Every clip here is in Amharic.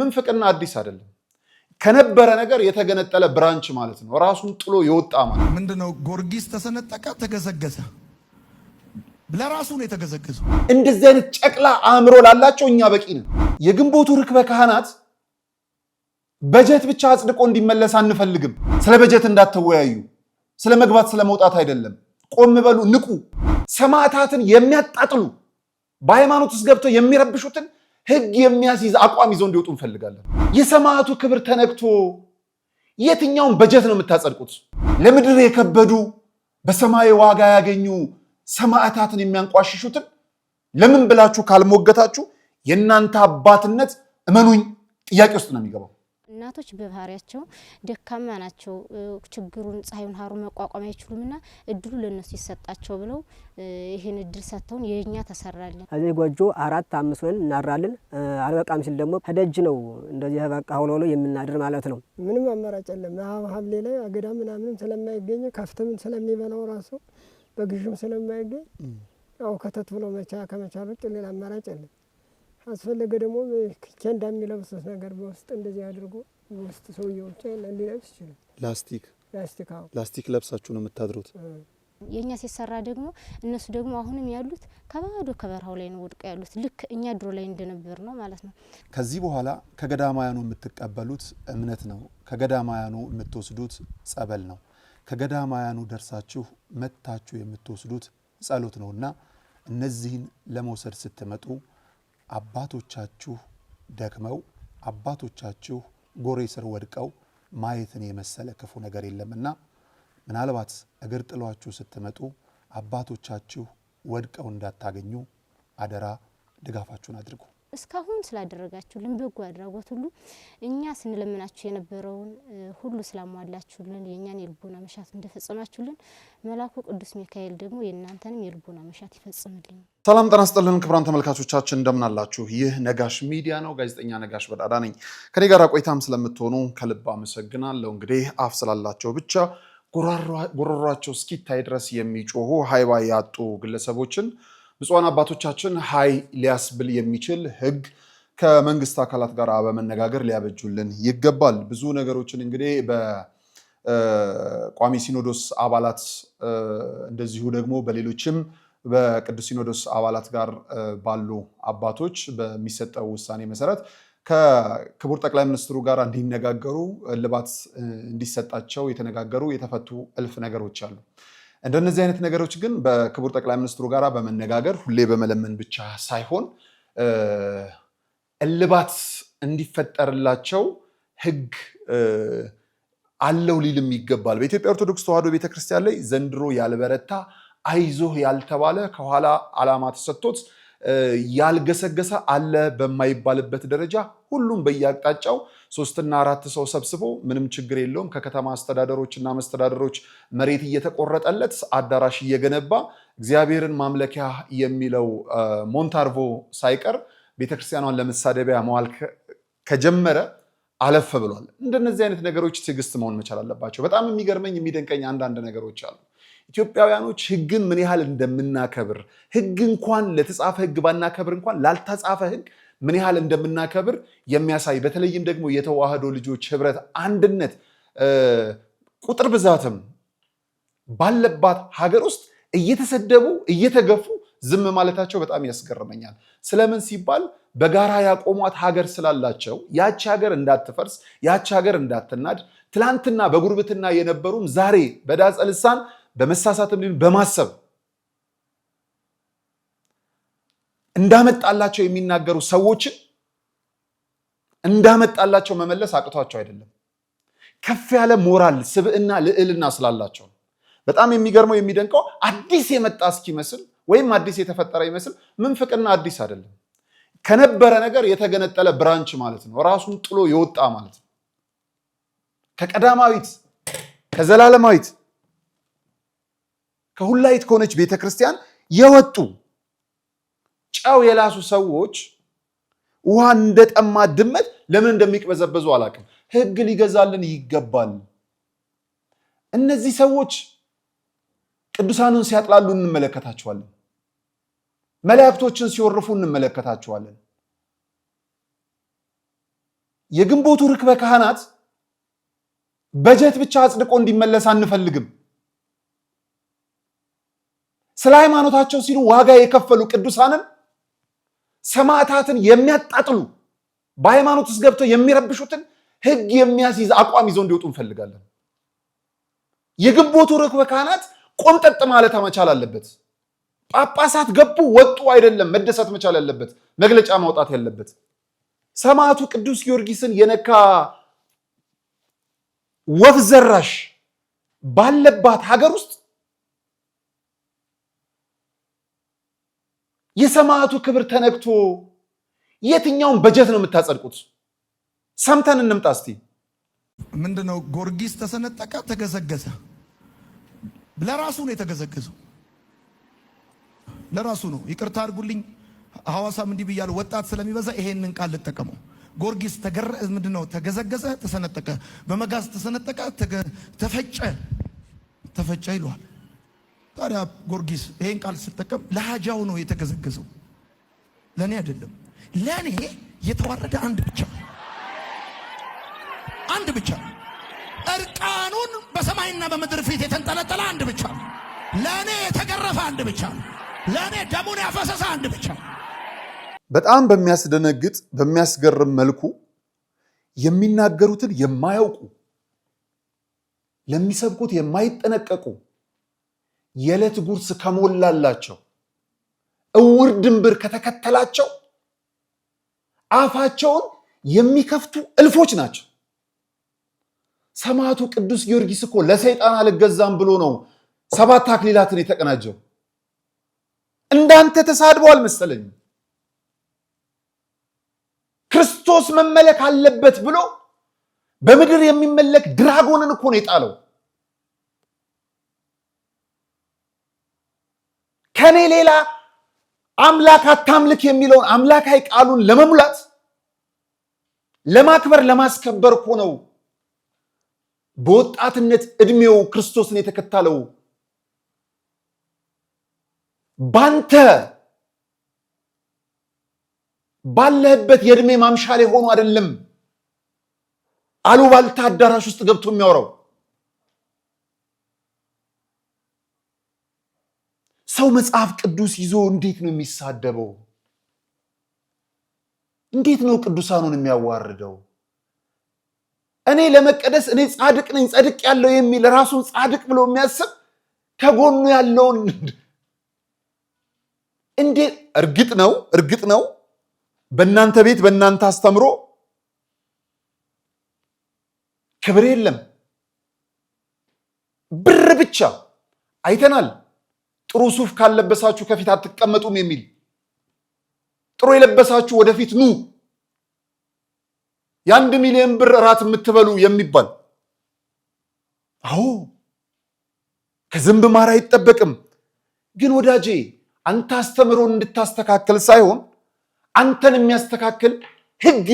ምንፍቅና አዲስ አይደለም። ከነበረ ነገር የተገነጠለ ብራንች ማለት ነው። ራሱን ጥሎ የወጣ ማለት ምንድነው? ጎርጊስ ተሰነጠቀ፣ ተገዘገዘ። ለራሱ ነው የተገዘገዘ። እንደዚህ አይነት ጨቅላ አእምሮ ላላቸው እኛ በቂ ነን። የግንቦቱ ርክበ ካህናት በጀት ብቻ አጽድቆ እንዲመለስ አንፈልግም። ስለ በጀት እንዳትወያዩ፣ ስለ መግባት ስለ መውጣት አይደለም። ቆም በሉ፣ ንቁ። ሰማዕታትን የሚያጣጥሉ በሃይማኖት ውስጥ ገብተው የሚረብሹትን ህግ የሚያስይዝ አቋም ይዘው እንዲወጡ እንፈልጋለን። የሰማዕቱ ክብር ተነክቶ የትኛውን በጀት ነው የምታጸድቁት? ለምድር የከበዱ በሰማይ ዋጋ ያገኙ ሰማዕታትን የሚያንቋሽሹትን ለምን ብላችሁ ካልሞገታችሁ የእናንተ አባትነት እመኑኝ ጥያቄ ውስጥ ነው የሚገባው። እናቶች በባህሪያቸው ደካማ ናቸው፣ ችግሩን ፀሐዩን ሀሩ መቋቋም አይችሉም ና እድሉ ለእነሱ ይሰጣቸው ብለው ይህን እድል ሰጥተውን የእኛ ተሰራለን። እዚህ ጎጆ አራት አምስት ሆነን እናራለን። አልበቃም ሲል ደግሞ ከደጅ ነው እንደዚህ ተበቃ ሆኖ የምናድር ማለት ነው። ምንም አማራጭ የለም። ሐምሌ ላይ አገዳ ምናምንም ስለማይገኝ ከፍትምን ስለሚበላው ራሱ በግሹም ስለማይገኝ ያው ከተት ብሎ መቻ ከመቻል ውጭ ሌላ አማራጭ የለም። አስፈለገ ደግሞ ክቻ እንዳሚለብሱት ነገር በውስጥ እንደዚህ አድርጎ ውስጥ ሰውየው ሊለብስ ይችላል። ላስቲክ ላስቲክ ላስቲክ ለብሳችሁ ነው የምታድሩት። የእኛ ሲሰራ ደግሞ እነሱ ደግሞ አሁንም ያሉት ከባዶ ከበረሃው ላይ ነው ወድቀው ያሉት። ልክ እኛ ድሮ ላይ እንደነበር ነው ማለት ነው። ከዚህ በኋላ ከገዳማያኑ የምትቀበሉት እምነት ነው። ከገዳማያኑ የምትወስዱት ጸበል ነው። ከገዳማያኑ ደርሳችሁ መታችሁ የምትወስዱት ጸሎት ነውና እነዚህን ለመውሰድ ስትመጡ አባቶቻችሁ ደክመው አባቶቻችሁ ጎሬ ስር ወድቀው ማየትን የመሰለ ክፉ ነገር የለምና ምናልባት እግር ጥሏችሁ ስትመጡ አባቶቻችሁ ወድቀው እንዳታገኙ አደራ ድጋፋችሁን አድርጉ። እስካሁን ስላደረጋችሁልን በጎ አድራጎት ሁሉ እኛ ስንለምናችሁ የነበረውን ሁሉ ስላሟላችሁልን የእኛን የልቦና መሻት እንደፈጸማችሁልን መላኩ ቅዱስ ሚካኤል ደግሞ የእናንተንም የልቦና መሻት ይፈጽምልን። ሰላም ጤና ይስጥልን ክቡራን ተመልካቾቻችን እንደምናላችሁ። ይህ ነጋሽ ሚዲያ ነው። ጋዜጠኛ ነጋሽ በዳዳ ነኝ። ከኔ ጋር ቆይታም ስለምትሆኑ ከልብ አመሰግናለሁ። እንግዲህ አፍ ስላላቸው ብቻ ጉሮሯቸው እስኪታይ ድረስ የሚጮሁ ሀይባ ያጡ ግለሰቦችን ብፁዓን አባቶቻችን ሀይ ሊያስብል የሚችል ህግ ከመንግስት አካላት ጋር በመነጋገር ሊያበጁልን ይገባል። ብዙ ነገሮችን እንግዲህ በቋሚ ሲኖዶስ አባላት እንደዚሁ ደግሞ በሌሎችም በቅዱስ ሲኖዶስ አባላት ጋር ባሉ አባቶች በሚሰጠው ውሳኔ መሰረት ከክቡር ጠቅላይ ሚኒስትሩ ጋር እንዲነጋገሩ እልባት እንዲሰጣቸው የተነጋገሩ የተፈቱ እልፍ ነገሮች አሉ። እንደነዚህ አይነት ነገሮች ግን በክቡር ጠቅላይ ሚኒስትሩ ጋር በመነጋገር ሁሌ በመለመን ብቻ ሳይሆን እልባት እንዲፈጠርላቸው ህግ አለው ሊልም ይገባል። በኢትዮጵያ ኦርቶዶክስ ተዋሕዶ ቤተክርስቲያን ላይ ዘንድሮ ያልበረታ አይዞህ ያልተባለ ከኋላ ዓላማ ተሰጥቶት ያልገሰገሰ አለ በማይባልበት ደረጃ ሁሉም በየአቅጣጫው ሶስትና አራት ሰው ሰብስቦ ምንም ችግር የለውም ከከተማ አስተዳደሮች እና መስተዳደሮች መሬት እየተቆረጠለት አዳራሽ እየገነባ እግዚአብሔርን ማምለኪያ የሚለው ሞንታርቮ ሳይቀር ቤተክርስቲያኗን ለመሳደቢያ መዋል ከጀመረ አለፈ ብሏል። እንደነዚህ አይነት ነገሮች ትዕግስት መሆን መቻል አለባቸው። በጣም የሚገርመኝ የሚደንቀኝ አንዳንድ ነገሮች አሉ። ኢትዮጵያውያኖች ህግን ምን ያህል እንደምናከብር ህግ እንኳን ለተጻፈ ህግ ባናከብር እንኳን ላልተጻፈ ህግ ምን ያህል እንደምናከብር የሚያሳይ በተለይም ደግሞ የተዋህዶ ልጆች ህብረት አንድነት ቁጥር ብዛትም ባለባት ሀገር ውስጥ እየተሰደቡ እየተገፉ ዝም ማለታቸው በጣም ያስገርመኛል። ስለምን ሲባል በጋራ ያቆሟት ሀገር ስላላቸው ያቺ ሀገር እንዳትፈርስ፣ ያቺ ሀገር እንዳትናድ ትላንትና በጉርብትና የነበሩም ዛሬ በዳጸ ልሳን በመሳሳትም ሊሆን በማሰብ እንዳመጣላቸው የሚናገሩ ሰዎችን እንዳመጣላቸው መመለስ አቅቷቸው አይደለም። ከፍ ያለ ሞራል፣ ስብዕና፣ ልዕልና ስላላቸው በጣም የሚገርመው የሚደንቀው አዲስ የመጣ እስኪመስል ወይም አዲስ የተፈጠረ ይመስል ምንፍቅና አዲስ አይደለም። ከነበረ ነገር የተገነጠለ ብራንች ማለት ነው። ራሱን ጥሎ የወጣ ማለት ነው። ከቀዳማዊት ከዘላለማዊት ከሁላይት ከሆነች ቤተክርስቲያን የወጡ ጨው የላሱ ሰዎች ውሃ እንደጠማ ድመት ለምን እንደሚቅበዘበዙ አላቅም። ህግ ሊገዛልን ይገባል። እነዚህ ሰዎች ቅዱሳኑን ሲያጥላሉ እንመለከታቸዋለን። መላእክቶችን ሲወርፉ እንመለከታቸዋለን። የግንቦቱ ርክበ ካህናት በጀት ብቻ አጽድቆ እንዲመለስ አንፈልግም። ስለ ሃይማኖታቸው ሲሉ ዋጋ የከፈሉ ቅዱሳንን ሰማዕታትን የሚያጣጥሉ በሃይማኖት ውስጥ ገብተው የሚረብሹትን ህግ የሚያስይዝ አቋም ይዘው እንዲወጡ እንፈልጋለን። የግንቦቱ ርክበ ካህናት ቆምጠጥ ማለት መቻል አለበት። ጳጳሳት ገቡ ወጡ አይደለም መደሳት መቻል ያለበት መግለጫ ማውጣት ያለበት። ሰማዕቱ ቅዱስ ጊዮርጊስን የነካ ወፍ ዘራሽ ባለባት ሀገር ውስጥ የሰማዕቱ ክብር ተነክቶ የትኛውን በጀት ነው የምታጸድቁት? ሰምተን እንምጣ እስቲ። ምንድነው ጎርጊስ ተሰነጠቀ፣ ተገዘገዘ። ለራሱ ነው የተገዘገዘው፣ ለራሱ ነው። ይቅርታ አድርጉልኝ፣ ሐዋሳም እንዲህ ብያለሁ፣ ወጣት ስለሚበዛ ይሄንን ቃል ልጠቀመው። ጎርጊስ ምንድነው ተገዘገዘ፣ ተሰነጠቀ፣ በመጋዝ ተሰነጠቀ፣ ተፈጨ፣ ተፈጨ ይለዋል ታዲያ ጎርጊስ ይሄን ቃል ስጠቀም ለሀጃው ነው የተገዘገዘው፣ ለእኔ አይደለም። ለእኔ የተዋረደ አንድ ብቻ አንድ ብቻ እርቃኑን በሰማይና በምድር ፊት የተንጠለጠለ አንድ ብቻ ነው። ለእኔ የተገረፈ አንድ ብቻ ነው። ለእኔ ደሙን ያፈሰሰ አንድ ብቻ። ነው። በጣም በሚያስደነግጥ በሚያስገርም መልኩ የሚናገሩትን የማያውቁ ለሚሰብኩት የማይጠነቀቁ የዕለት ጉርስ ከሞላላቸው እውር ድንብር ከተከተላቸው አፋቸውን የሚከፍቱ እልፎች ናቸው። ሰማዕቱ ቅዱስ ጊዮርጊስ እኮ ለሰይጣን አልገዛም ብሎ ነው ሰባት አክሊላትን የተቀናጀው። እንዳንተ ተሳድቦ አልመሰለኝም። ክርስቶስ መመለክ አለበት ብሎ በምድር የሚመለክ ድራጎንን እኮ ነው የጣለው። ከኔ ሌላ አምላክ አታምልክ የሚለውን አምላካዊ ቃሉን ለመሙላት ለማክበር ለማስከበር እኮ ነው በወጣትነት እድሜው ክርስቶስን የተከተለው። ባንተ ባለህበት የእድሜ ማምሻ ላይ ሆኖ አይደለም አሉባልታ አዳራሽ ውስጥ ገብቶ የሚያወራው ሰው መጽሐፍ ቅዱስ ይዞ እንዴት ነው የሚሳደበው? እንዴት ነው ቅዱሳኑን የሚያዋርደው? እኔ ለመቀደስ እኔ ጻድቅ ነኝ ጸድቅ ያለው የሚል ራሱን ጻድቅ ብሎ የሚያስብ ከጎኑ ያለውን እንዴት እርግጥ ነው እርግጥ ነው በእናንተ ቤት በእናንተ አስተምሮ ክብር የለም ብር ብቻ አይተናል። ጥሩ ሱፍ ካልለበሳችሁ ከፊት አትቀመጡም የሚል ጥሩ የለበሳችሁ ወደፊት ኑ የአንድ ሚሊዮን ብር እራት የምትበሉ የሚባል አዎ ከዝንብ ማር አይጠበቅም። ግን ወዳጄ አንተ አስተምሮን እንድታስተካከል ሳይሆን አንተን የሚያስተካክል ህግ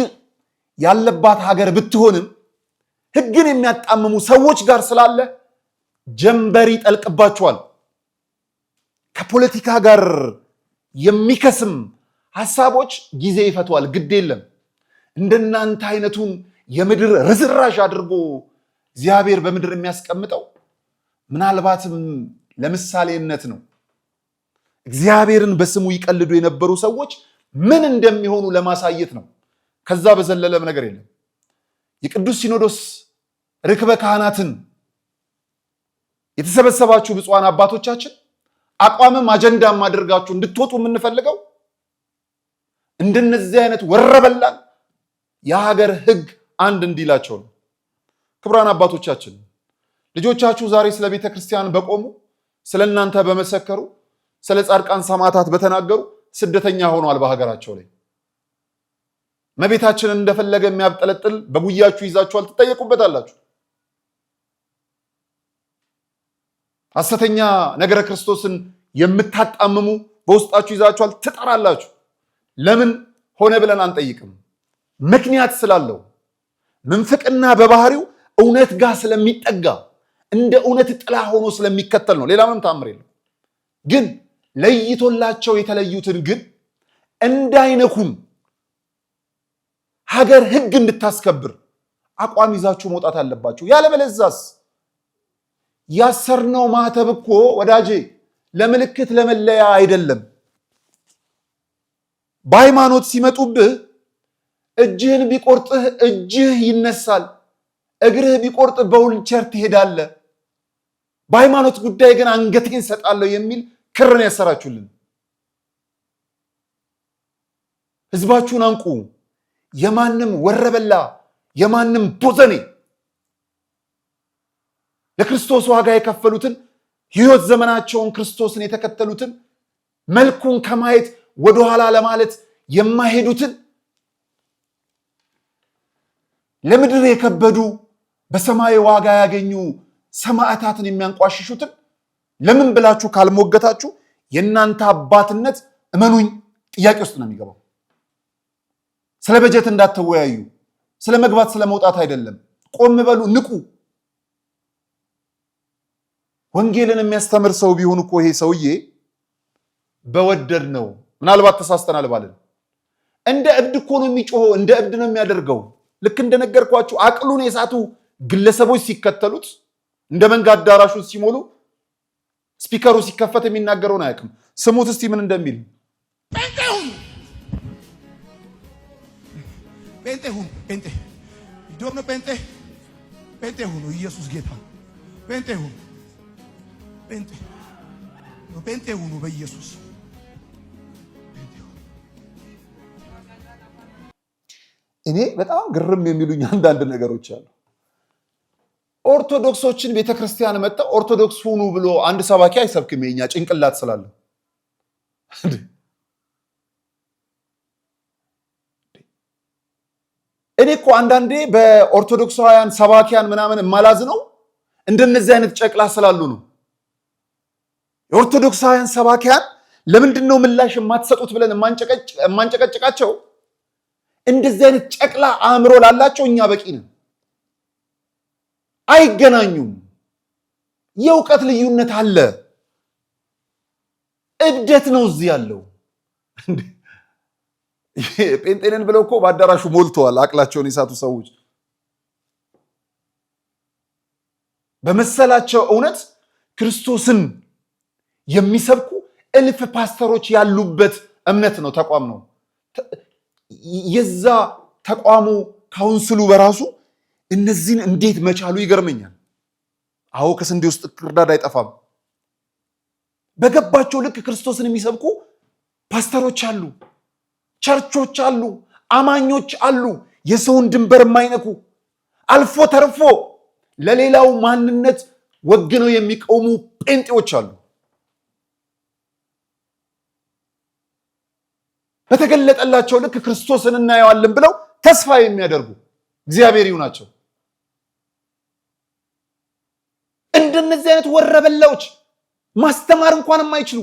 ያለባት ሀገር ብትሆንም ህግን የሚያጣምሙ ሰዎች ጋር ስላለ ጀንበር ይጠልቅባቸዋል። ከፖለቲካ ጋር የሚከስም ሀሳቦች ጊዜ ይፈቷል። ግድ የለም። እንደናንተ አይነቱን የምድር ርዝራዥ አድርጎ እግዚአብሔር በምድር የሚያስቀምጠው ምናልባትም ለምሳሌነት ነው። እግዚአብሔርን በስሙ ይቀልዱ የነበሩ ሰዎች ምን እንደሚሆኑ ለማሳየት ነው። ከዛ በዘለለም ነገር የለም። የቅዱስ ሲኖዶስ ርክበ ካህናትን የተሰበሰባችሁ ብፁዓን አባቶቻችን አቋምም አጀንዳም አድርጋችሁ እንድትወጡ የምንፈልገው እንደነዚህ አይነት ወረበላን የሀገር ህግ አንድ እንዲላቸው ነው። ክቡራን አባቶቻችን ልጆቻችሁ ዛሬ ስለ ቤተ ክርስቲያን በቆሙ ስለ እናንተ በመሰከሩ ስለ ጻድቃን ሰማዕታት በተናገሩ ስደተኛ ሆኗል። በሀገራቸው ላይ መቤታችንን እንደፈለገ የሚያብጠለጥል በጉያችሁ ይዛችኋል፣ ትጠየቁበታላችሁ። ሐሰተኛ ነገረ ክርስቶስን የምታጣምሙ በውስጣችሁ ይዛችኋል፣ ትጠራላችሁ። ለምን ሆነ ብለን አንጠይቅም። ምክንያት ስላለው ምንፍቅና በባህሪው እውነት ጋር ስለሚጠጋ እንደ እውነት ጥላ ሆኖ ስለሚከተል ነው። ሌላ ምንም ታምር የለም። ግን ለይቶላቸው የተለዩትን ግን እንዳይነኩም ሀገር ሕግ እንድታስከብር አቋም ይዛችሁ መውጣት አለባችሁ። ያለበለዛስ ያሰርነው ማህተብ እኮ ወዳጄ ለምልክት ለመለያ አይደለም። በሃይማኖት ሲመጡብህ እጅህን ቢቆርጥህ እጅህ ይነሳል፣ እግርህ ቢቆርጥ በውልቸር ትሄዳለህ። በሃይማኖት ጉዳይ ግን አንገቴን ሰጣለሁ የሚል ክርን ያሰራችሁልን። ህዝባችሁን አንቁ። የማንም ወረበላ የማንም ቦዘኔ ለክርስቶስ ዋጋ የከፈሉትን ህይወት ዘመናቸውን ክርስቶስን የተከተሉትን መልኩን ከማየት ወደኋላ ለማለት የማይሄዱትን ለምድር የከበዱ በሰማይ ዋጋ ያገኙ ሰማዕታትን የሚያንቋሽሹትን ለምን ብላችሁ ካልሞገታችሁ የእናንተ አባትነት እመኑኝ ጥያቄ ውስጥ ነው የሚገባው። ስለ በጀት እንዳትወያዩ፣ ስለ መግባት ስለ መውጣት አይደለም። ቆም በሉ፣ ንቁ። ወንጌልን የሚያስተምር ሰው ቢሆን እኮ ይሄ ሰውዬ በወደድ ነው። ምናልባት ተሳስተናል ባልን እንደ እብድ እኮ ነው የሚጮኸው፣ እንደ እብድ ነው የሚያደርገው። ልክ እንደነገርኳችሁ አቅሉን የሳቱ ግለሰቦች ሲከተሉት እንደ መንጋ አዳራሹ ሲሞሉ ስፒከሩ ሲከፈት የሚናገረውን አያውቅም። ስሙት እስቲ ምን እንደሚል ኢየሱስ ጌታ ጴንጤ ጴንጤ ሁኑ በኢየሱስ እኔ በጣም ግርም የሚሉኝ አንዳንድ ነገሮች አሉ። ኦርቶዶክሶችን ቤተክርስቲያን መጣው ኦርቶዶክስ ሁኑ ብሎ አንድ ሰባኪ አይሰብክም። የኛ ጭንቅላት ስላለ እኔ እኮ አንዳንዴ በኦርቶዶክሳውያን ሰባኪያን ምናምን የማላዝ ነው እንደነዚህ አይነት ጨቅላ ስላሉ ነው። የኦርቶዶክሳውያን ሰባኪያን ለምንድን ነው ምላሽ የማትሰጡት ብለን የማንጨቀጭቃቸው? እንደዚህ አይነት ጨቅላ አእምሮ ላላቸው እኛ በቂ ነን። አይገናኙም። የእውቀት ልዩነት አለ። እብደት ነው እዚህ ያለው። ጴንጤንን ብለው እኮ በአዳራሹ ሞልተዋል። አቅላቸውን የሳቱ ሰዎች በመሰላቸው እውነት ክርስቶስን የሚሰብኩ እልፍ ፓስተሮች ያሉበት እምነት ነው፣ ተቋም ነው። የዛ ተቋሙ ካውንስሉ በራሱ እነዚህን እንዴት መቻሉ ይገርመኛል። አዎ ከስንዴ ውስጥ ክርዳድ አይጠፋም። በገባቸው ልክ ክርስቶስን የሚሰብኩ ፓስተሮች አሉ፣ ቸርቾች አሉ፣ አማኞች አሉ፣ የሰውን ድንበር የማይነኩ አልፎ ተርፎ ለሌላው ማንነት ወግነው የሚቆሙ ጴንጤዎች አሉ። በተገለጠላቸው ልክ ክርስቶስን እናየዋለን ብለው ተስፋ የሚያደርጉ እግዚአብሔር ናቸው። እንደነዚህ አይነት ወረበላዎች ማስተማር እንኳን የማይችሉ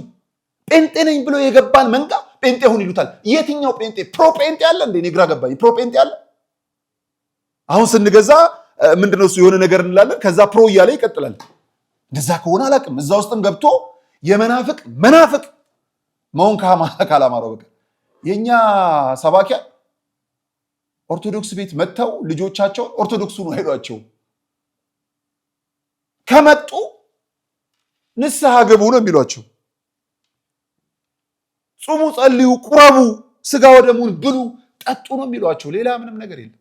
ጴንጤ ነኝ ብሎ የገባን መንጋ ጴንጤ ሁን ይሉታል። የትኛው ጴንጤ? ፕሮ አለ እንዴ? እኔ ግራ ገባኝ። ፕሮጴንጤ አለ? አሁን ስንገዛ ምንድነው እሱ የሆነ ነገር እንላለን፣ ከዛ ፕሮ እያለ ይቀጥላል። እንደዛ ከሆነ አላቅም እዛ ውስጥም ገብቶ የመናፍቅ መናፍቅ መሆን ከማላ ካላማረው በቀር የእኛ ሰባኪያ ኦርቶዶክስ ቤት መጥተው ልጆቻቸውን ኦርቶዶክሱ ነው ሄዷቸው ከመጡ ንስሐ ገቡ ነው የሚሏቸው። ጹሙ፣ ጸልዩ፣ ቁረቡ፣ ስጋ ወደሙን ብሉ፣ ጠጡ ነው የሚሏቸው። ሌላ ምንም ነገር የለም።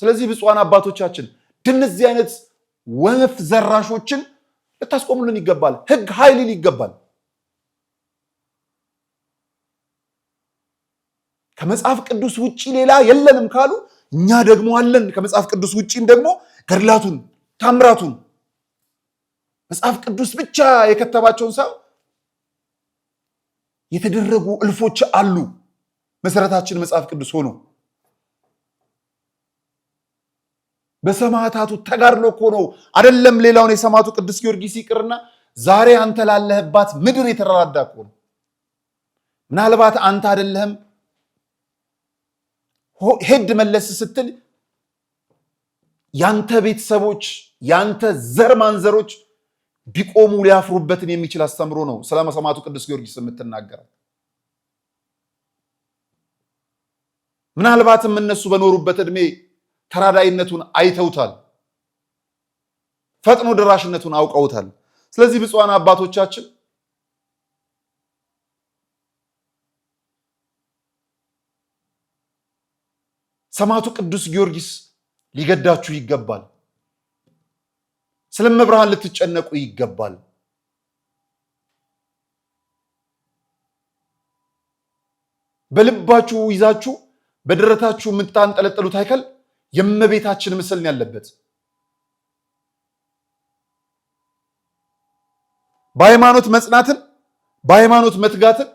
ስለዚህ ብፁዓን አባቶቻችን ድንዚህ አይነት ወፍ ዘራሾችን ልታስቆሙልን ይገባል። ህግ ኃይልን ይገባል። ከመጽሐፍ ቅዱስ ውጭ ሌላ የለንም ካሉ እኛ ደግሞ አለን። ከመጽሐፍ ቅዱስ ውጭን ደግሞ ገድላቱን፣ ታምራቱን መጽሐፍ ቅዱስ ብቻ የከተባቸውን ሰው የተደረጉ እልፎች አሉ። መሰረታችን መጽሐፍ ቅዱስ ሆኖ በሰማዕታቱ ተጋድሎ እኮ ነው አደለም። ሌላውን የሰማዕቱ ቅዱስ ጊዮርጊስ ይቅርና ዛሬ አንተ ላለህባት ምድር የተራዳ እኮ ነው። ምናልባት አንተ አደለህም ሄድ መለስ ስትል ያንተ ቤተሰቦች ያንተ ዘር ማንዘሮች ቢቆሙ ሊያፍሩበትን የሚችል አስተምሮ ነው ስለ ሰማዕቱ ቅዱስ ጊዮርጊስ የምትናገረው። ምናልባትም እነሱ በኖሩበት እድሜ ተራዳይነቱን አይተውታል፣ ፈጥኖ ደራሽነቱን አውቀውታል። ስለዚህ ብፁዓን አባቶቻችን ሰማቱ ቅዱስ ጊዮርጊስ ሊገዳችሁ ይገባል። ስለ መብርሃን ልትጨነቁ ይገባል። በልባችሁ ይዛችሁ በደረታችሁ የምታንጠለጥሉት አይከል የእመቤታችን ምስል ያለበት። በሃይማኖት መጽናትን፣ በሃይማኖት መትጋትን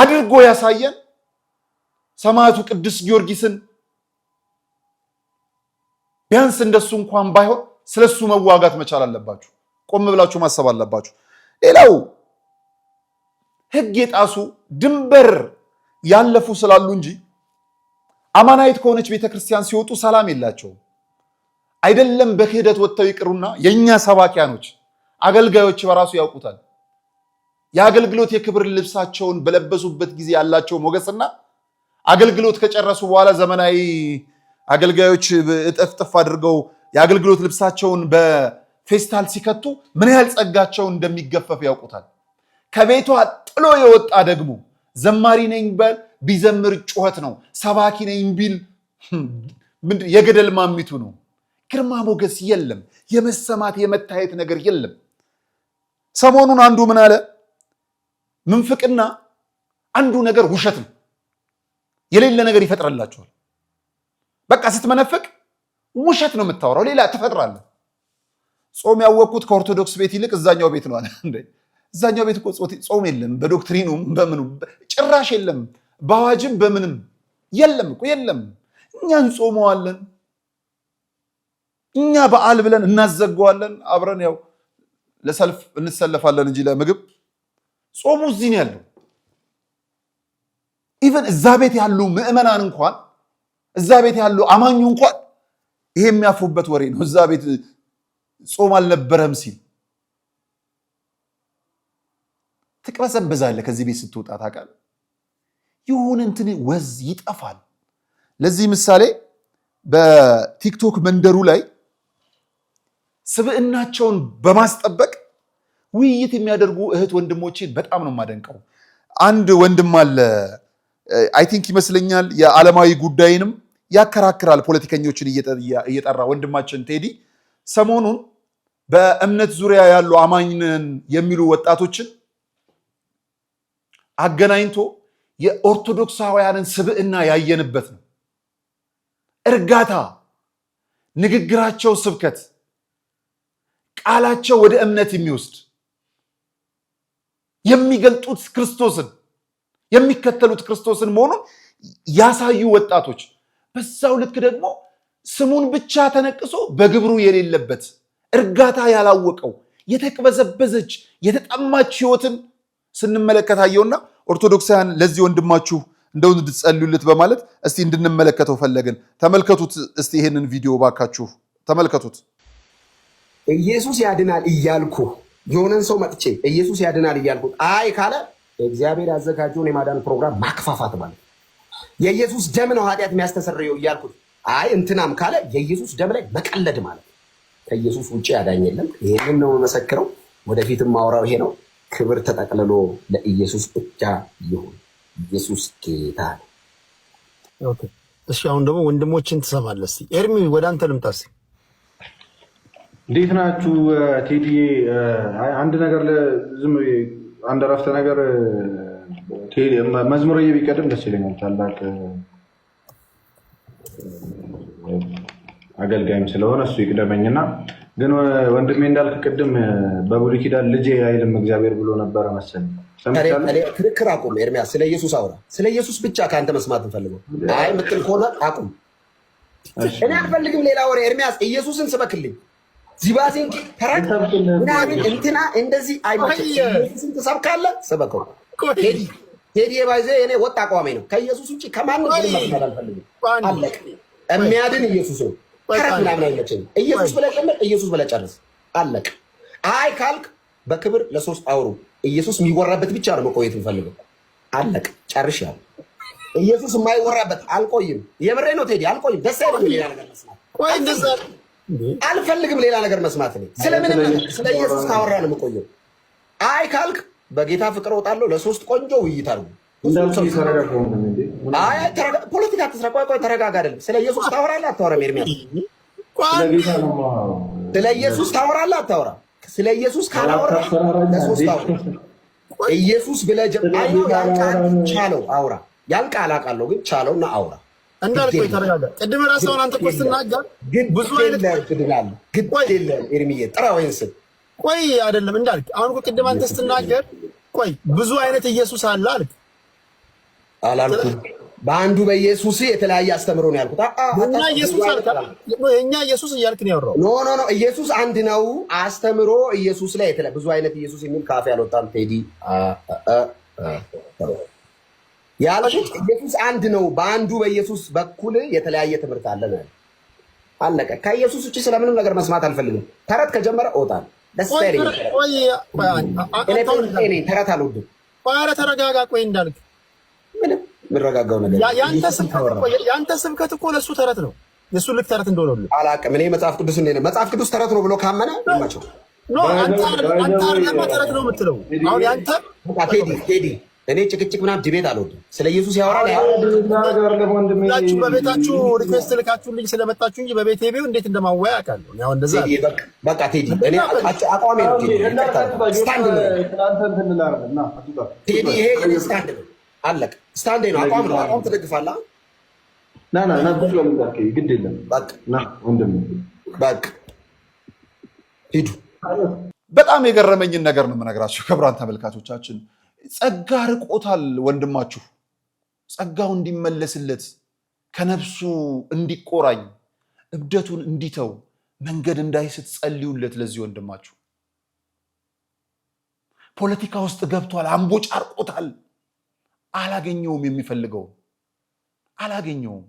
አድርጎ ያሳየን ሰማዕቱ ቅዱስ ጊዮርጊስን ቢያንስ እንደሱ እንኳን ባይሆን ስለሱ መዋጋት መቻል አለባችሁ። ቆም ብላችሁ ማሰብ አለባችሁ። ሌላው ህግ የጣሱ ድንበር ያለፉ ስላሉ እንጂ አማናዊት ከሆነች ቤተክርስቲያን ሲወጡ ሰላም የላቸውም። አይደለም በክህደት ወጥተው ይቅሩና የእኛ ሰባኪያኖች አገልጋዮች በራሱ ያውቁታል። የአገልግሎት የክብር ልብሳቸውን በለበሱበት ጊዜ ያላቸው ሞገስና አገልግሎት ከጨረሱ በኋላ ዘመናዊ አገልጋዮች እጥፍጥፍ አድርገው የአገልግሎት ልብሳቸውን በፌስታል ሲከቱ ምን ያህል ጸጋቸው እንደሚገፈፍ ያውቁታል። ከቤቷ ጥሎ የወጣ ደግሞ ዘማሪ ነኝ በል ቢዘምር ጩኸት ነው። ሰባኪ ነኝ ቢል hm፣ የገደል ማሚቱ ነው። ግርማ ሞገስ የለም። የመሰማት የመታየት ነገር የለም። ሰሞኑን አንዱ ምን አለ? ምንፍቅና አንዱ ነገር ውሸት ነው። የሌለ ነገር ይፈጥረላችኋል። በቃ ስትመነፍቅ ውሸት ነው የምታወራው፣ ሌላ ትፈጥራለህ። ጾም ያወቅኩት ከኦርቶዶክስ ቤት ይልቅ እዛኛው ቤት ነው አለ። እዛኛው ቤት እኮ ጾም የለም፣ በዶክትሪኑም በምኑ ጭራሽ የለም፣ በአዋጅም በምንም የለም እኮ የለም። እኛ እንጾመዋለን፣ እኛ በዓል ብለን እናዘገዋለን። አብረን ያው ለሰልፍ እንሰለፋለን እንጂ ለምግብ ጾሙ እዚህ ነው ያለው። ኢቨን እዛ ቤት ያሉ ምዕመናን እንኳን እዛ ቤት ያሉ አማኙ እንኳን ይሄ የሚያፉበት ወሬ ነው። እዛ ቤት ጾም አልነበረም ሲል ትቅበሰበዛለህ። ከዚህ ቤት ስትወጣ ታውቃለህ፣ ይሁን እንትን ወዝ ይጠፋል። ለዚህ ምሳሌ በቲክቶክ መንደሩ ላይ ስብዕናቸውን በማስጠበቅ ውይይት የሚያደርጉ እህት ወንድሞችን በጣም ነው የማደንቀው። አንድ ወንድም አለ አይ ቲንክ ይመስለኛል የዓለማዊ ጉዳይንም ያከራክራል። ፖለቲከኞችን እየጠራ ወንድማችን ቴዲ ሰሞኑን በእምነት ዙሪያ ያሉ አማኝነን የሚሉ ወጣቶችን አገናኝቶ የኦርቶዶክሳውያንን ስብዕና ያየንበት ነው። እርጋታ፣ ንግግራቸው ስብከት፣ ቃላቸው ወደ እምነት የሚወስድ የሚገልጡት ክርስቶስን የሚከተሉት ክርስቶስን መሆኑን ያሳዩ ወጣቶች፣ በዛው ልክ ደግሞ ስሙን ብቻ ተነቅሶ በግብሩ የሌለበት እርጋታ ያላወቀው የተቅበዘበዘች የተጠማች ህይወትን ስንመለከት አየውና ኦርቶዶክሳውያን ለዚህ ወንድማችሁ እንደው እንድትጸልዩለት በማለት እስቲ እንድንመለከተው ፈለግን። ተመልከቱት እስቲ ይሄንን ቪዲዮ ባካችሁ ተመልከቱት። ኢየሱስ ያድናል እያልኩ የሆነን ሰው መጥቼ ኢየሱስ ያድናል እያልኩ አይ ካለ እግዚአብሔር ያዘጋጀውን የማዳን ፕሮግራም ማክፋፋት ማለት የኢየሱስ ደም ነው ኃጢአት የሚያስተሰርየው እያልኩት፣ አይ እንትናም ካለ የኢየሱስ ደም ላይ መቀለድ ማለት ነው። ከኢየሱስ ውጭ ያዳኝ የለም። ይህንን ነው የምመሰክረው። ወደፊትም ማውራው ይሄ ነው። ክብር ተጠቅልሎ ለኢየሱስ ብቻ ይሁን። ኢየሱስ ጌታ ነው። እሺ፣ አሁን ደግሞ ወንድሞችን ትሰማለህ። እስኪ ኤርሚ ወደ አንተ ልምጣስ። እንዴት ናችሁ ቴዲዬ? አንድ ነገር ዝም አንድ አረፍተ ነገር መዝሙር ቢቀድም ደስ ይለኛል። ታላቅ አገልጋይም ስለሆነ እሱ ይቅደመኝና ግን ወንድሜ እንዳልክ ቅድም በብሉይ ኪዳን ልጄ አይልም እግዚአብሔር ብሎ ነበረ መሰል ክርክር አቁም ኤርሚያስ፣ ስለ ኢየሱስ አውራ። ስለ ኢየሱስ ብቻ ከአንተ መስማት እንፈልገው። አይ ምትል ከሆነ አቁም። እኔ አልፈልግም ሌላ ወሬ። ኤርሚያስ ኢየሱስን ስበክልኝ። ዚባዚንኪ ተራክ ምናምን እንትና እንደዚህ አይመችም። ትሰብካለህ፣ ሰበከው ቴዲ የባይዘ እኔ ወጥ አቋሚ ነው። ከኢየሱስ ውጭ ከማንም መከተል አልፈልግም። አለቅ የሚያድን ኢየሱስ ነው። ተረት ምናምን አይመቸኝም። ኢየሱስ ብለህ ጨምር፣ ኢየሱስ ብለህ ጨርስ። አለቅ። አይ ካልክ በክብር ለሶስት አውሩ። ኢየሱስ የሚወራበት ብቻ ነው መቆየት የምፈልገው። አለቅ። ጨርሻለሁ። ኢየሱስ የማይወራበት አልቆይም። የምሬ ነው ቴዲ፣ አልቆይም። ደስ አይለኝም። ሌላ ነገር መስማት አልፈልግም ሌላ ነገር መስማት። እኔ ስለምንም ስለ ኢየሱስ ካወራ ነው የምቆየው። አይ ካልክ በጌታ ፍቅር ወጣለሁ። ለሶስት ቆንጆ ውይይት አርጉ። ፖለቲካ አትስራ። ቆይ ቆይ ተረጋጋ። አይደለም ስለ ኢየሱስ ታወራለህ አታወራም? ኤርሚያስ ስለ ኢየሱስ ታወራለህ አታወራም? ስለ ኢየሱስ ካላወራ ኢየሱስ ብለህ ጀምር። ቻለው አውራ። ያን ቃል አውቃለሁ ግን ቻለውና አውራ እንዳልኩ ተረጋጋ። ቅድም ራስህን አንተ እኮ ስትናገር ብዙ አይነት ቆይ አይደለም እንዳልክ አሁን እኮ ቅድም አንተ ስትናገር ቆይ ብዙ አይነት ኢየሱስ አለ አልክ። አላልኩ በአንዱ በኢየሱስ የተለያየ አስተምሮ ነው ያልኩት። እና ኢየሱስ አልክ እኛ ኢየሱስ እያልክ ነው ያወራው። ኖ ኖ ኖ ኢየሱስ አንድ ነው። አስተምሮ ኢየሱስ ላይ የተለያየ ብዙ አይነት ኢየሱስ የሚል ካፌ አልወጣም ቴዲ ያልኩት ኢየሱስ አንድ ነው። በአንዱ በኢየሱስ በኩል የተለያየ ትምህርት አለ ነው። አለቀ። ከኢየሱስ ውጭ ስለምንም ነገር መስማት አልፈልግም። ተረት ከጀመረ እወጣለሁ። ተረት አልወድም። ኧረ ተረጋጋ። ቆይ እንዳልክ ምንም የምረጋጋው ነገር የአንተ ስብከት እኮ ለእሱ ተረት ነው። የእሱ ልክ ተረት እንደሆነ ሁሉ አላውቅም። እኔ መጽሐፍ ቅዱስ መጽሐፍ ቅዱስ ተረት ነው ብሎ ካመነ ይመቸው። አንተ ተረት ነው የምትለው አሁን ያንተ ቴዲ ቴዲ እኔ ጭቅጭቅ ምናም ዲቤት አልወድም። ስለ ኢየሱስ ያወራ ያሁላችሁ በቤታችሁ ሪኩዌስት ልካችሁልኝ ስለመጣችሁ እንጂ በቤቴ ቤው እንዴት እንደማወያ አውቃለሁ። ያው እንደዛ በቃ ቴዲ እኔ አቋሚ ነው። ቴዲ ስታንድ ነው። ቴዲ ይሄ ስታንድ አለቅ ስታንድ ነው። አቋም ነው። አቋም ትደግፋላ ና ና ና ብዙ ለምዛርክ ግድ የለም። በቃ ና ወንድም በቃ ሂዱ። በጣም የገረመኝን ነገር ነው የምነግራቸው ክቡራን ተመልካቾቻችን ጸጋ ርቆታል ወንድማችሁ ጸጋው እንዲመለስለት ከነፍሱ እንዲቆራኝ እብደቱን እንዲተው መንገድ እንዳይስት ጸልዩለት። ለዚህ ወንድማችሁ ፖለቲካ ውስጥ ገብቷል፣ አምቦ ጫርቆታል፣ አላገኘውም፣ የሚፈልገው አላገኘውም።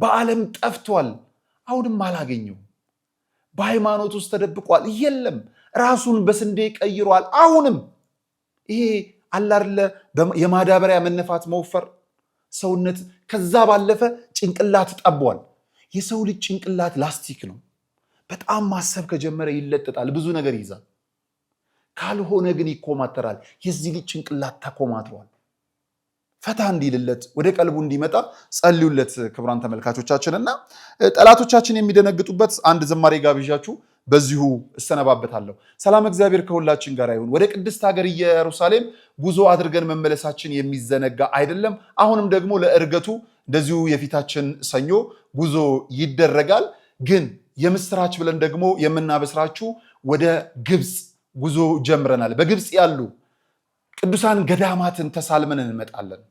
በዓለም ጠፍቷል፣ አሁንም አላገኘውም። በሃይማኖት ውስጥ ተደብቋል፣ የለም ራሱን በስንዴ ቀይሯል፣ አሁንም ይሄ አላርለ የማዳበሪያ መነፋት መወፈር ሰውነት ከዛ ባለፈ ጭንቅላት ጠቧል። የሰው ልጅ ጭንቅላት ላስቲክ ነው። በጣም ማሰብ ከጀመረ ይለጠጣል፣ ብዙ ነገር ይይዛል። ካልሆነ ግን ይኮማተራል። የዚህ ልጅ ጭንቅላት ተኮማትሯል። ፈታ እንዲልለት ወደ ቀልቡ እንዲመጣ ጸልዩለት። ክቡራን ተመልካቾቻችን እና ጠላቶቻችን የሚደነግጡበት አንድ ዝማሬ ጋብዣችሁ በዚሁ እሰነባበታለሁ። ሰላም እግዚአብሔር ከሁላችን ጋር ይሁን። ወደ ቅድስት ሀገር ኢየሩሳሌም ጉዞ አድርገን መመለሳችን የሚዘነጋ አይደለም። አሁንም ደግሞ ለእርገቱ እንደዚሁ የፊታችን ሰኞ ጉዞ ይደረጋል። ግን የምስራች ብለን ደግሞ የምናበስራችሁ ወደ ግብፅ ጉዞ ጀምረናል። በግብፅ ያሉ ቅዱሳን ገዳማትን ተሳልመን እንመጣለን።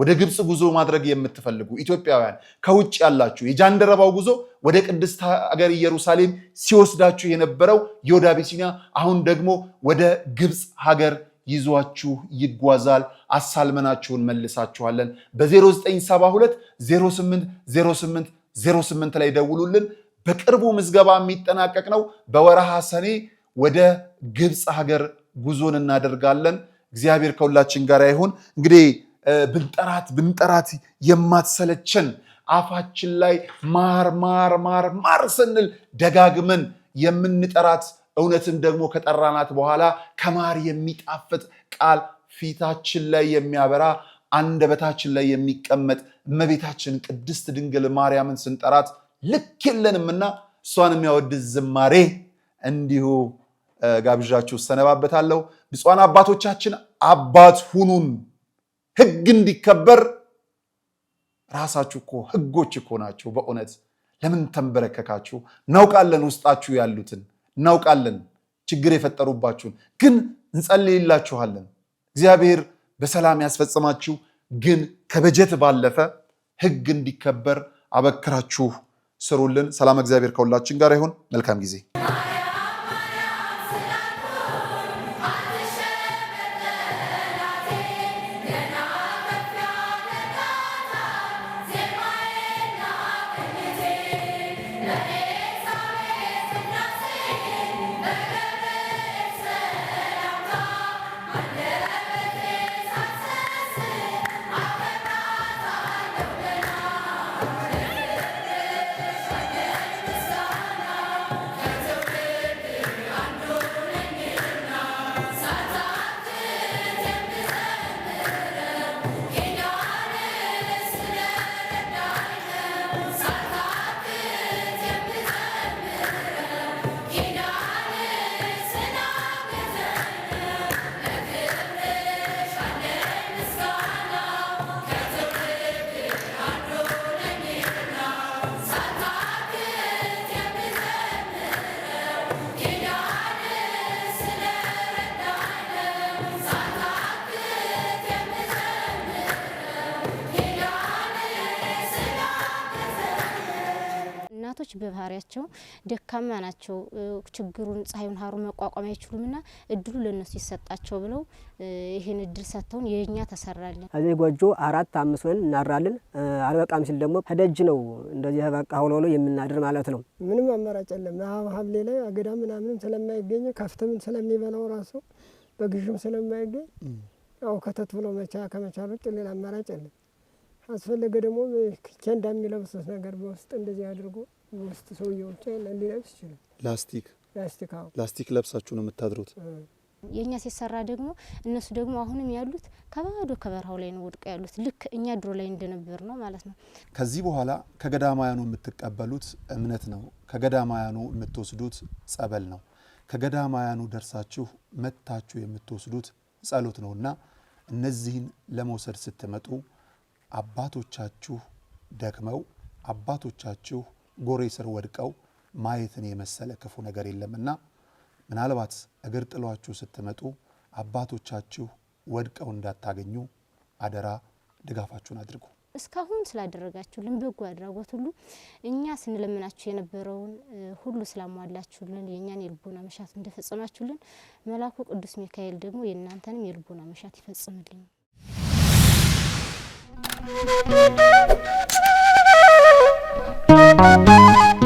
ወደ ግብፅ ጉዞ ማድረግ የምትፈልጉ ኢትዮጵያውያን ከውጭ ያላችሁ የጃንደረባው ጉዞ ወደ ቅድስት ሀገር ኢየሩሳሌም ሲወስዳችሁ የነበረው ዮድ አቢሲኒያ አሁን ደግሞ ወደ ግብፅ ሀገር ይዟችሁ ይጓዛል። አሳልመናችሁን መልሳችኋለን። በ0972 08 08 08 ላይ ደውሉልን። በቅርቡ ምዝገባ የሚጠናቀቅ ነው። በወረሃ ሰኔ ወደ ግብፅ ሀገር ጉዞን እናደርጋለን። እግዚአብሔር ከሁላችን ጋር ይሁን። እንግዲህ ብንጠራት ብንጠራት የማትሰለቸን አፋችን ላይ ማር ማር ማር ማር ስንል ደጋግመን የምንጠራት እውነትን ደግሞ ከጠራናት በኋላ ከማር የሚጣፍጥ ቃል ፊታችን ላይ የሚያበራ አንደበታችን ላይ የሚቀመጥ እመቤታችን ቅድስት ድንግል ማርያምን ስንጠራት ልክ የለንምና እሷን የሚያወድስ ዝማሬ እንዲሁ ጋብዣችሁ እሰነባበታለሁ። ብፁዓን አባቶቻችን አባት ሁኑን። ህግ እንዲከበር ራሳችሁ እኮ ህጎች እኮ ናቸው። በእውነት ለምን ተንበረከካችሁ? እናውቃለን፣ ውስጣችሁ ያሉትን እናውቃለን፣ ችግር የፈጠሩባችሁን ግን እንጸልይላችኋለን። እግዚአብሔር በሰላም ያስፈጽማችሁ። ግን ከበጀት ባለፈ ህግ እንዲከበር አበክራችሁ ስሩልን። ሰላም እግዚአብሔር ከሁላችን ጋር ይሁን። መልካም ጊዜ በባህሪያቸው ደካማ ናቸው፣ ችግሩን ፀሐዩን ሀሩ መቋቋም አይችሉም ና እድሉ ለእነሱ ይሰጣቸው ብለው ይህን እድል ሰጥተውን የኛ ተሰራለን። እዚህ ጎጆ አራት አምስት ወን እናራለን። አልበቃም ሲል ደግሞ ከደጅ ነው እንደዚህ በቃ ሆኖ የምናድር ማለት ነው። ምንም አማራጭ የለም። ሐምሌ ላይ አገዳ ምናምንም ስለማይገኝ ከፍትምን ስለሚበላው ራሱ በግዥም ስለማይገኝ ያው ከተት ብሎ መቻ ከመቻል ውጭ ሌላ አማራጭ የለም። አስፈለገ ደግሞ ኬንዳ የሚለብሱት ነገር በውስጥ እንደዚህ አድርጎ ውስጥ ሰውየው ሊለብስ ይችላል። ላስቲክ ላስቲክ ላስቲክ ለብሳችሁ ነው የምታድሩት። የእኛ ሲሰራ ደግሞ እነሱ ደግሞ አሁንም ያሉት ከባዶ ከበረሃው ላይ ነው ወድቀው ያሉት። ልክ እኛ ድሮ ላይ እንደነበር ነው ማለት ነው። ከዚህ በኋላ ከገዳማያኑ የምትቀበሉት እምነት ነው። ከገዳማያኑ የምትወስዱት ጸበል ነው። ከገዳማያኑ ደርሳችሁ መታችሁ የምትወስዱት ጸሎት ነው እና እነዚህን ለመውሰድ ስትመጡ አባቶቻችሁ ደክመው አባቶቻችሁ ጎሬ ስር ወድቀው ማየትን የመሰለ ክፉ ነገር የለምና ምናልባት እግር ጥሏችሁ ስትመጡ አባቶቻችሁ ወድቀው እንዳታገኙ አደራ ድጋፋችሁን አድርጉ። እስካሁን ስላደረጋችሁልን በጎ አድራጎት ሁሉ እኛ ስንለምናችሁ የነበረውን ሁሉ ስላሟላችሁልን የእኛን የልቦና መሻት እንደፈጸማችሁልን መላኩ ቅዱስ ሚካኤል ደግሞ የእናንተንም የልቦና መሻት ይፈጽምልኝ። Música